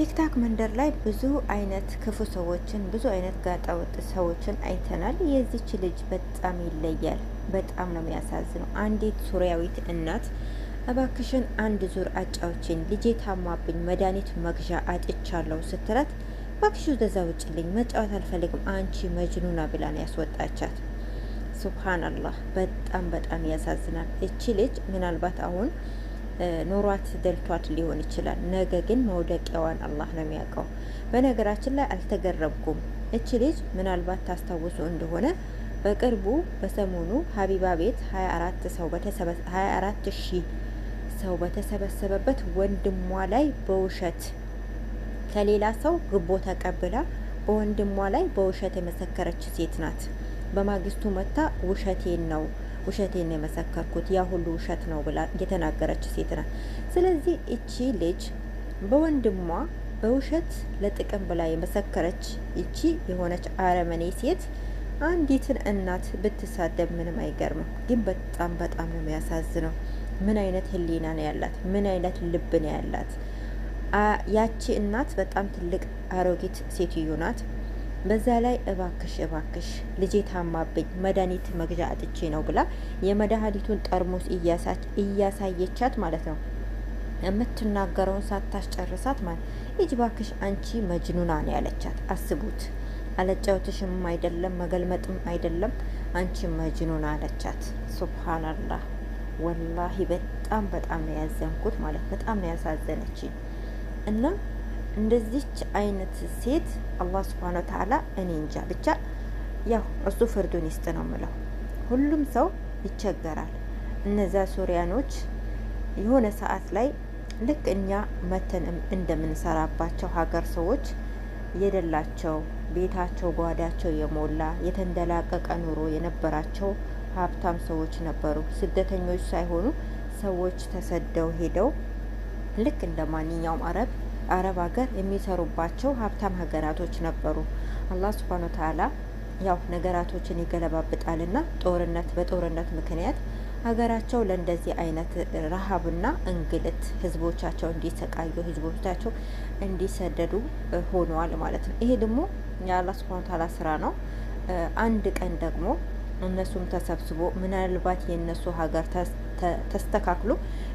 ቲክታክ መንደር ላይ ብዙ አይነት ክፉ ሰዎችን ብዙ አይነት ጋጠወጥ ሰዎችን አይተናል። የዚች ልጅ በጣም ይለያል። በጣም ነው የሚያሳዝነው። አንዲት ሱሪያዊት እናት እባክሽን አንድ ዙር አጫውችኝ፣ ልጄ ታማብኝ፣ መድኃኒት መግዣ አጥቻለሁ ስትላት እባክሽ ወደዛ ውጭልኝ፣ መጫወት አልፈልግም አንቺ መጅኑና ብላ ነው ያስወጣቻት። ሱብሃናላህ በጣም በጣም ያሳዝናል። እቺ ልጅ ምናልባት አሁን ኑሯት ደልቷት ሊሆን ይችላል። ነገ ግን መውደቂያዋን አላህ ነው የሚያውቀው። በነገራችን ላይ አልተገረምኩም። እች ልጅ ምናልባት ታስታውሱ እንደሆነ በቅርቡ በሰሞኑ ሀቢባ ቤት 24 ሺህ ሰው በተሰበሰበበት ወንድሟ ላይ በውሸት ከሌላ ሰው ግቦ ተቀብላ በወንድሟ ላይ በውሸት የመሰከረች ሴት ናት። በማግስቱ መታ ውሸቴን ነው ውሸቴን የመሰከርኩት ያ ሁሉ ውሸት ነው ብላ የተናገረች ሴት ናት። ስለዚህ እቺ ልጅ በወንድሟ በውሸት ለጥቅም ብላ የመሰከረች እቺ የሆነች አረመኔ ሴት አንዲትን እናት ብትሳደብ ምንም አይገርምም። ግን በጣም በጣም ነው የሚያሳዝነው። ምን አይነት ህሊና ነው ያላት? ምን አይነት ልብ ነው ያላት? ያቺ እናት በጣም ትልቅ አሮጊት ሴትዮ ናት። በዛ ላይ እባክሽ እባክሽ ልጄ ታማብኝ መድኃኒት መግዣ አጥቼ ነው ብላ የመድኃኒቱን ጠርሙስ እያሳየቻት ማለት ነው። የምትናገረውን ሳታስጨርሳት ማለት ሂጂ እባክሽ አንቺ መጅኑና ነው ያለቻት። አስቡት፣ አለጫውትሽም አይደለም መገልመጥም አይደለም አንቺ መጅኑና አለቻት። ሱብሃናላህ ወላሂ በጣም በጣም ነው ያዘንኩት ማለት በጣም ነው ያሳዘነችኝ እና እንደዚች አይነት ሴት አላህ ስብሃነ ወተዓላ እኔ እንጃ ብቻ ያው እሱ ፍርዱን ይስጥ ነው ምለው። ሁሉም ሰው ይቸገራል። እነዛ ሱሪያኖች የሆነ ሰዓት ላይ ልክ እኛ መተን እንደምንሰራባቸው ሀገር ሰዎች የደላቸው ቤታቸው ጓዳቸው የሞላ የተንደላቀቀ ኑሮ የነበራቸው ሀብታም ሰዎች ነበሩ። ስደተኞች ሳይሆኑ ሰዎች ተሰደው ሄደው ልክ እንደ ማንኛውም አረብ አረብ ሀገር የሚሰሩባቸው ሀብታም ሀገራቶች ነበሩ። አላህ ስብሃነ ወተዓላ ያው ነገራቶችን ይገለባብጣልና ጦርነት በጦርነት ምክንያት ሀገራቸው ለእንደዚህ አይነት ረሃብና እንግልት ህዝቦቻቸው እንዲሰቃዩ ህዝቦቻቸው እንዲሰደዱ ሆነዋል ማለት ነው። ይሄ ደግሞ የአላህ ስብሃነ ወተዓላ ስራ ነው። አንድ ቀን ደግሞ እነሱም ተሰብስቦ ምናልባት የእነሱ ሀገር ተስተካክሎ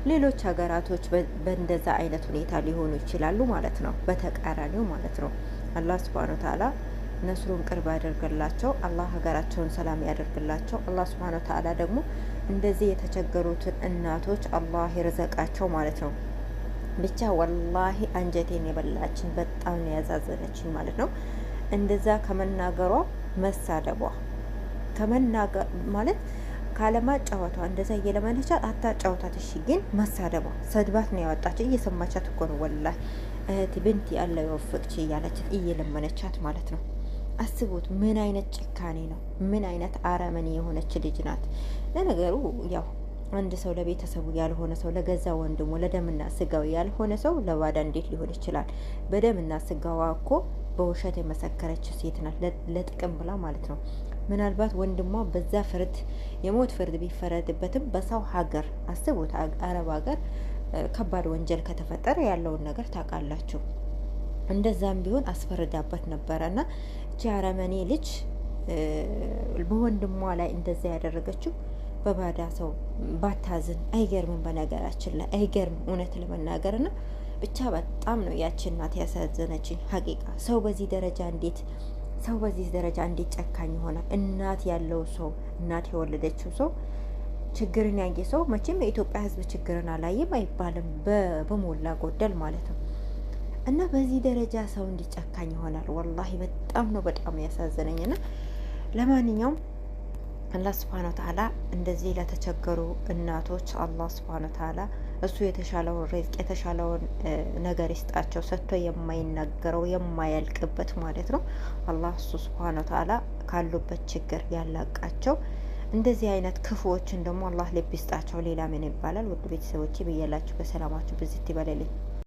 ሌሎች ሀገራቶች በእንደዛ አይነት ሁኔታ ሊሆኑ ይችላሉ ማለት ነው። በተቃራኒው ማለት ነው። አላህ ስብሃነ ተዓላ ነስሩን ቅርብ ያደርግላቸው። አላህ ሀገራቸውን ሰላም ያደርግላቸው። አላህ ስብሃነ ተዓላ ደግሞ እንደዚህ የተቸገሩትን እናቶች አላህ ይርዘቃቸው ማለት ነው። ብቻ ወላሂ አንጀቴን የበላችን በጣም ያዛዘነችን ማለት ነው። እንደዛ ከመናገሯ መሳደቧ ከመናገር ማለት ካለማጫወቷ እንደዛ እየለመነቻት አታጫወታት። እሺ ግን መሳደቧ ሰድባት ነው ያወጣቸው። እየሰማቻት እኮ ነው ወላሂ። እህት ብንት ያለ የወፍቅች እያለቻት እየለመነቻት ማለት ነው። አስቡት፣ ምን አይነት ጭካኔ ነው! ምን አይነት አረመኔ የሆነች ልጅ ናት። ለነገሩ ያው አንድ ሰው ለቤተሰቡ ያልሆነ ሰው ለገዛ ወንድሙ ለደምና ስጋው ያልሆነ ሰው ለባዳ እንዴት ሊሆን ይችላል? በደምና ስጋዋ እኮ በውሸት የመሰከረች ሴት ናት፣ ለጥቅም ብላ ማለት ነው። ምናልባት ወንድሟ በዛ ፍርድ የሞት ፍርድ ቢፈረድበትም በሰው ሀገር አስቡት፣ አረብ ሀገር ከባድ ወንጀል ከተፈጠረ ያለውን ነገር ታውቃላችሁ። እንደዛም ቢሆን አስፈርዳበት ነበረ እና እቺ አረመኔ ልጅ በወንድሟ ላይ እንደዛ ያደረገችው በባዳ ሰው ባታዝን አይገርምም። በነገራችን ላይ አይገርም እውነት ለመናገር ና ብቻ በጣም ነው ያቺ እናት ያሳዘነችኝ። ሀቂቃ ሰው በዚህ ደረጃ እንዴት ሰው በዚህ ደረጃ እንዴት ጨካኝ ይሆናል? እናት ያለው ሰው እናት የወለደችው ሰው ችግርን ያየ ሰው መቼም የኢትዮጵያ ሕዝብ ችግርን አላየም አይባልም፣ በሞላ ጎደል ማለት ነው። እና በዚህ ደረጃ ሰው እንዴት ጨካኝ ይሆናል? ወላሂ በጣም ነው በጣም ያሳዘነኝ። እና ለማንኛውም አላህ ስብሃነ ወተዓላ እንደዚህ ለተቸገሩ እናቶች አላህ ስብሃነ ወተዓላ እሱ የተሻለውን ሪዝቅ የተሻለውን ነገር ይስጣቸው። ሰጥቶ የማይናገረው የማያልቅበት ማለት ነው። አላህ እሱ ስብሓነ ወተዓላ ካሉበት ችግር ያላቃቸው። እንደዚህ አይነት ክፉዎችን ደግሞ አላህ ልብ ይስጣቸው። ሌላ ምን ይባላል? ውድ ቤተሰቦቼ ብያላችሁ በሰላማችሁ ብዝት ይበለልኝ።